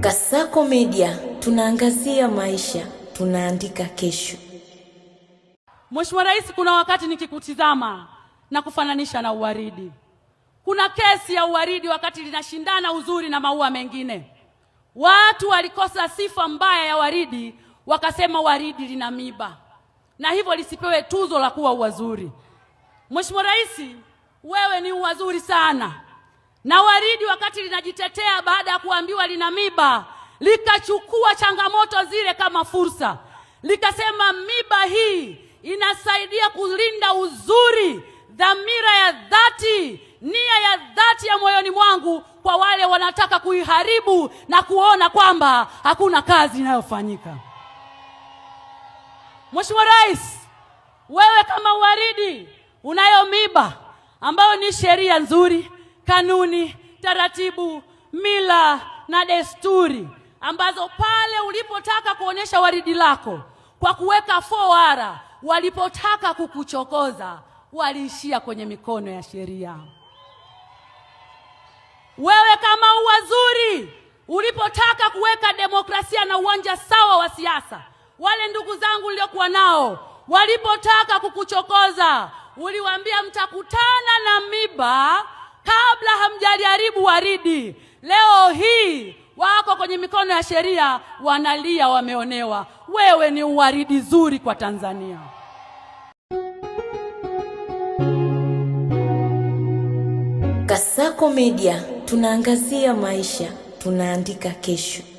Kasako Media tunaangazia maisha, tunaandika kesho. Mheshimiwa Rais, kuna wakati nikikutizama na kufananisha na uwaridi. Kuna kesi ya uwaridi wakati linashindana uzuri na maua mengine. Watu walikosa sifa mbaya ya waridi, wakasema waridi lina miba na hivyo lisipewe tuzo la kuwa uwazuri. Mheshimiwa Rais, wewe ni uwazuri sana na waridi wakati linajitetea baada ya kuambiwa lina miba, likachukua changamoto zile kama fursa, likasema miba hii inasaidia kulinda uzuri, dhamira ya dhati, nia ya dhati ya moyoni mwangu, kwa wale wanataka kuiharibu na kuona kwamba hakuna kazi inayofanyika. Mheshimiwa Rais, wewe kama waridi unayo miba ambayo ni sheria nzuri kanuni, taratibu, mila na desturi ambazo pale ulipotaka kuonyesha waridi lako kwa kuweka fowara, walipotaka kukuchokoza waliishia kwenye mikono ya sheria. Wewe kama uwazuri ulipotaka kuweka demokrasia na uwanja sawa wa siasa, wale ndugu zangu niliokuwa nao walipotaka kukuchokoza, uliwaambia mtakutana na miba kabla hamjaliharibu waridi. Leo hii wako kwenye mikono ya sheria, wanalia wameonewa. Wewe ni uwaridi zuri kwa Tanzania. Kasako Media tunaangazia maisha, tunaandika kesho.